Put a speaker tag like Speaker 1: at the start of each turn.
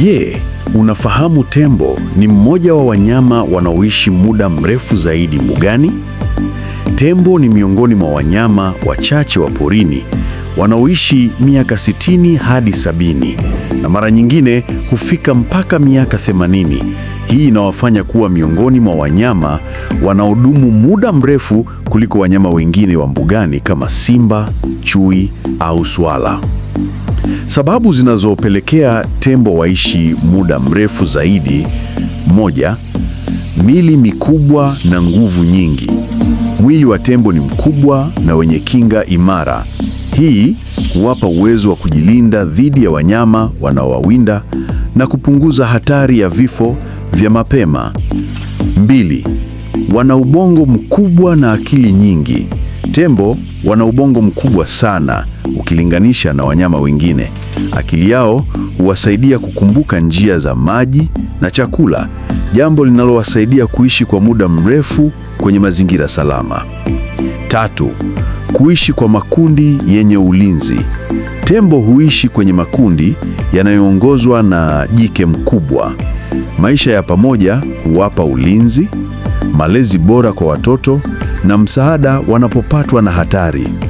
Speaker 1: Je, unafahamu tembo ni mmoja wa wanyama wanaoishi muda mrefu zaidi mbugani? Tembo ni miongoni mwa wanyama wachache wa porini wanaoishi miaka 60 hadi sabini na mara nyingine hufika mpaka miaka 80. Hii inawafanya kuwa miongoni mwa wanyama wanaodumu muda mrefu kuliko wanyama wengine wa mbugani kama simba, chui au swala. Sababu zinazopelekea tembo waishi muda mrefu zaidi: moja, mili mikubwa na nguvu nyingi. Mwili wa tembo ni mkubwa na wenye kinga imara. Hii huwapa uwezo wa kujilinda dhidi ya wanyama wanaowawinda na kupunguza hatari ya vifo vya mapema. Mbili, wana ubongo mkubwa na akili nyingi. Tembo wana ubongo mkubwa sana ukilinganisha na wanyama wengine. Akili yao huwasaidia kukumbuka njia za maji na chakula, jambo linalowasaidia kuishi kwa muda mrefu kwenye mazingira salama. Tatu, kuishi kwa makundi yenye ulinzi. Tembo huishi kwenye makundi yanayoongozwa na jike mkubwa. Maisha ya pamoja huwapa ulinzi, malezi bora kwa watoto na msaada wanapopatwa na hatari.